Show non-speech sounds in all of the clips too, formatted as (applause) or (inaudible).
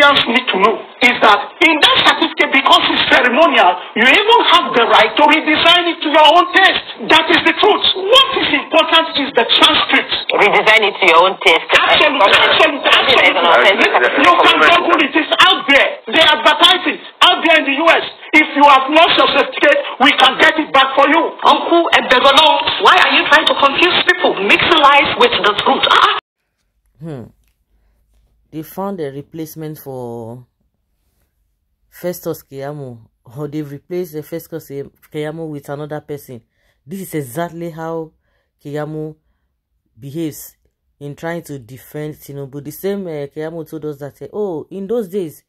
Nigerians need to know is that in that certificate, because it's ceremonial, you even have the right to redesign it to your own taste. That is the truth. What is important is the transcript. Redesign it to your own taste. Absolutely, absolutely, absolutely. absolutely. You can Google it. It's out there. They advertise it out there in the U.S. If you have lost your certificate, we can get it back for you. Uncle Ebegono, why are you trying to confuse people? Mix lies with the truth. Ah. Hmm. they found a replacement for Festus Kiyamo, or they replaced the Festus Kiyamo with another person. This is exactly how Kiyamo behaves in trying to defend Tinubu. The same uh, Keyamo told us that, uh, oh, in those days,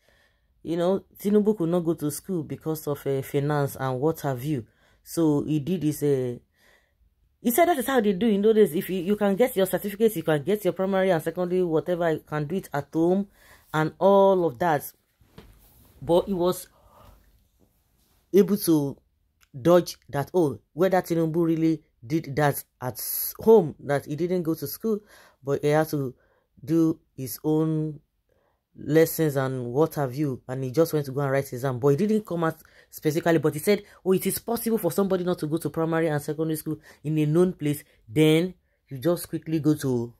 you know, Tinubu could not go to school because of uh, finance and what have you. So he did his uh, He said that is how they do in those days. If you, you can get your certificates, you can get your primary and secondary, whatever, you can do it at home and all of that. But he was able to dodge that, oh, whether Tinubu really did that at home, that he didn't go to school, but he had to do his own lessons and what have you, and he just went to go and write his exam. But he didn't come at specifically, but he said, oh, it is possible for somebody not to go to primary and secondary school in a known place. Then you just quickly go to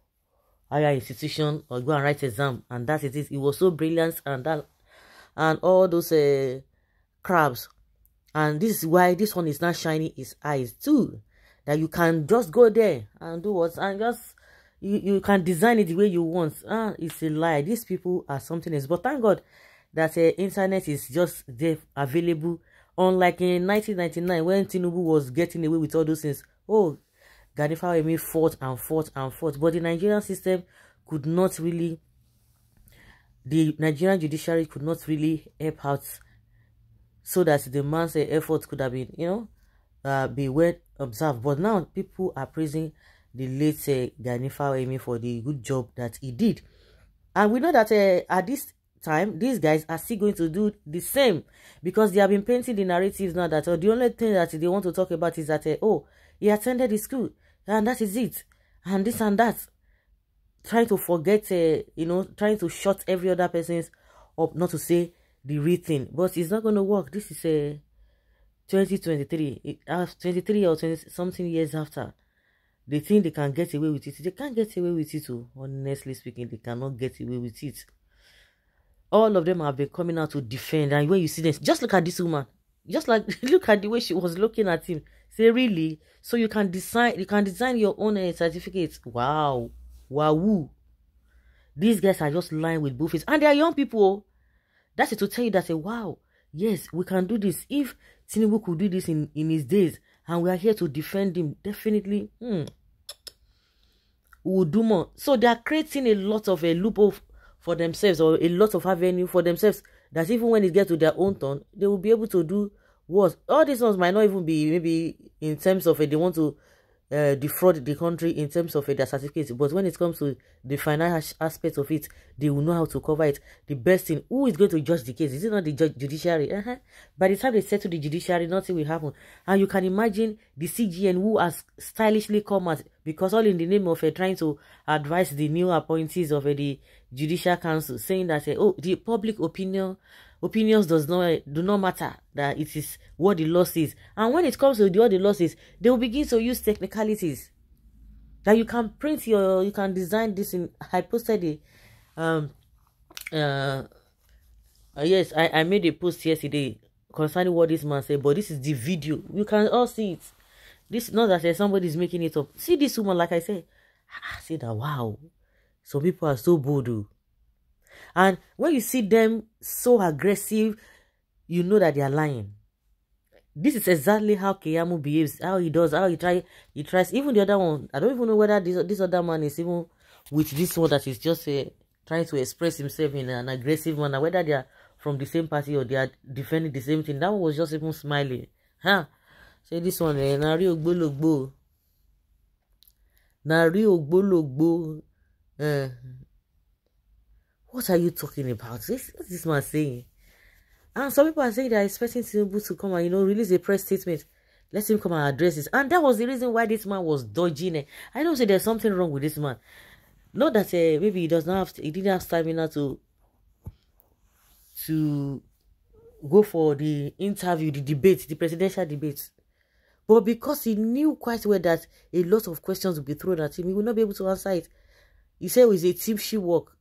higher institution or go and write exam, and that's it. Is it was so brilliant and that and all those uh, crabs, and this is why this one is not shining his eyes too. That you can just go there and do what and just you, you can design it the way you want. Ah, it's a lie. These people are something else. But thank God that uh, internet is just there available unlike in 1999 when tinubu was getting away with all those things oh Gani Fawemi fought and fought and fought but the nigerian system could not really the nigerian judiciary could not really help out so that the man's uh, effort could have been you know uh, be well observed but now people are praising the late uh, Gani Fawemi for the good job that he did and we know that uh, at this time, these guys are still going to do the same because they have been painting the narratives now that oh, the only thing that they want to talk about is that uh, oh, he attended the school and that is it, and this and that. Trying to forget, uh, you know, trying to shut every other person's up, not to say the real thing, but it's not going to work. This is a uh, eh, 2023, uh, 23 or 20 something years after they think they can get away with it. They can't get away with it, too. Oh, honestly speaking, they cannot get away with it. all of them have been coming out to defend and when you see this, just look at this woman just like (laughs) look at the way she was looking at him say really so you can design you can design your own uh, certificate wow wow these guys are just lying with buffets and they are young people that's it to tell you that say wow yes we can do this if tinubu could do this in in his days and we are here to defend him definitely hmm, we will do more so they are creating a lot of a uh, loophole for themselves or a lot of avenue for themselves that even when it gets to their own turn they will be able to do worse all these ones might not even be maybe in terms of it eh, they want to uh, defraud the country in terms of uh, their certificate but when it comes to the financial aspect of it they will know how to cover it the best thing who is going to judge the case is it not the judge judiciary uh-huh. by the time they settle the judiciary nothing will happen and you can imagine the cgn who has stylishly come out because all in the name of uh, trying to advise the new appointees of uh, the Judicial Council saying that say eh, oh the public opinion opinions does not do not matter that it is what the law says and when it comes to the, what the law says they will begin to use technicalities that you can print your you can design this in I posted a um uh, uh, yes I I made a post yesterday concerning what this man said but this is the video you can all see it this not that eh, somebody is making it up see this woman like I said ah, I said that wow Some people are so bold. Oh. And when you see them so aggressive, you know that they are lying. This is exactly how Keyamu behaves, how he does, how he try, he tries. Even the other one, I don't even know whether this this other man is even with this one that is just uh, trying to express himself in an aggressive manner. Whether they are from the same party or they are defending the same thing, that one was just even smiling, huh? Say this one, eh, na ri ogbologbo, na ri ogbologbo, Eh. what are you talking about? This what is this man saying? And some people are saying they are expecting Tinubu to come and you know release a press statement. Let him come and address this. And that was the reason why this man was dodging. it. I don't say there's something wrong with this man. Not that uh, maybe he does not have he didn't have stamina to to go for the interview, the debate, the presidential debate. But because he knew quite well that a lot of questions would be thrown at him, he would not be able to answer it. He said it was a she work.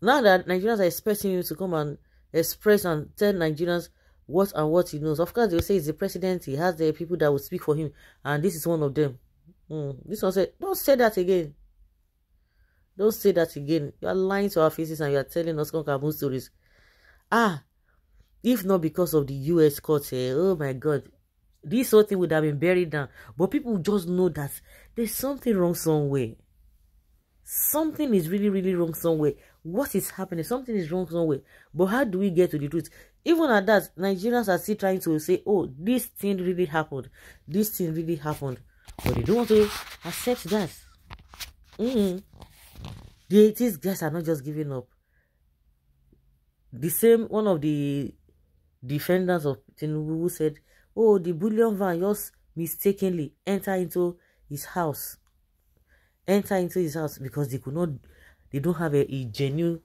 Now that Nigerians are expecting him to come and express and tell Nigerians what and what he knows. Of course, they will say he's the president. He has the people that will speak for him, and this is one of them. Mm. This one said, "Don't say that again. Don't say that again. You are lying to our faces, and you are telling us Kamu stories. Ah, if not because of the U.S. court, eh, oh my God, this whole thing would have been buried down. But people just know that there's something wrong somewhere." something is really, really wrong somewhere. What is happening? Something is wrong somewhere. But how do we get to the truth? Even at that, Nigerians are still trying to say, oh, this thing really happened. This thing really happened. But they don't want to accept that. Mm-mm. They, these guys are not just giving up. The same, one of the defenders of Tinubu said, oh, the bullion van just mistakenly enter into his house enter into his house because they could not they don't have a, a genuine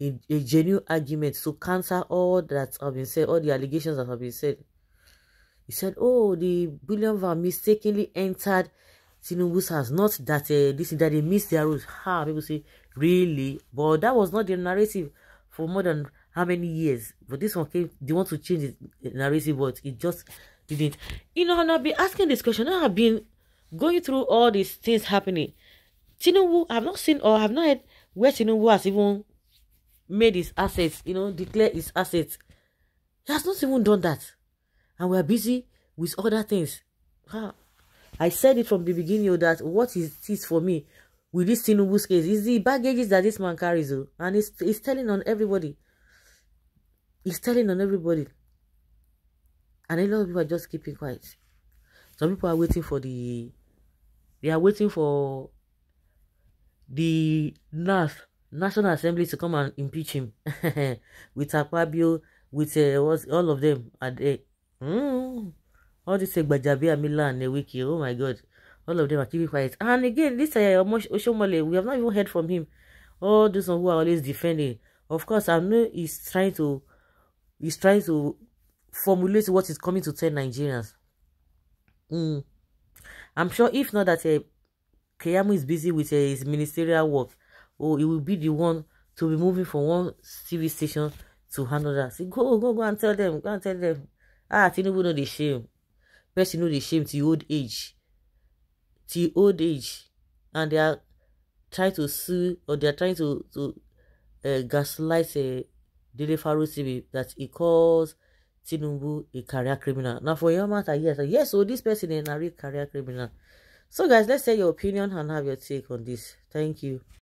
a, a, genuine argument to cancel all that have been said, all the allegations that have been said. He said, Oh, the William Van mistakenly entered Tinubu's house. Not that uh, this that they missed their rules. Ha, people say, Really? But that was not the narrative for more than how many years. But this one came, they want to change the narrative, but it just didn't. You know, and I've been asking this question. I've been going through all these things happening, Tinubu, I've not seen or I've not heard where Tinubu has even made his assets, you know, declare his assets. He has not even done that. And we're busy with other things. Ah, I said it from the beginning oh, that what is this for me with this Tinubu's case is the baggages that this man carries. Oh, and it's, it's telling on everybody. It's telling on everybody. And a lot of people are just keeping quiet. Some people are waiting for the, they are waiting for the NAS, National Assembly to come and impeach him (laughs) with Akpabio, with uh, all of them are there. Uh, mm. All this Gbajabiamila uh, and Newiki, oh my God. All of them are keeping quiet. And again, this uh, Oshomole, we have not even heard from him. All those who are always defending. Of course, I know he's trying to he's trying to formulate what is coming to tell Nigerians. Mm. I'm sure if not that uh, eh, Keyamo is busy with uh, his ministerial work, oh, he will be the one to be moving from one TV station to another. Say, go, go, go and tell them, go and tell them. Ah, Tinubu know the shame. First, you know the shame to old age. to old age. And they are trying to sue or they are trying to, to uh, gaslight uh, Dele Faro TV that he calls Tinubu a career criminal. Now for your matter, yes, yes, so this person is a real career criminal. So guys, let's say your opinion and have your take on this. Thank you.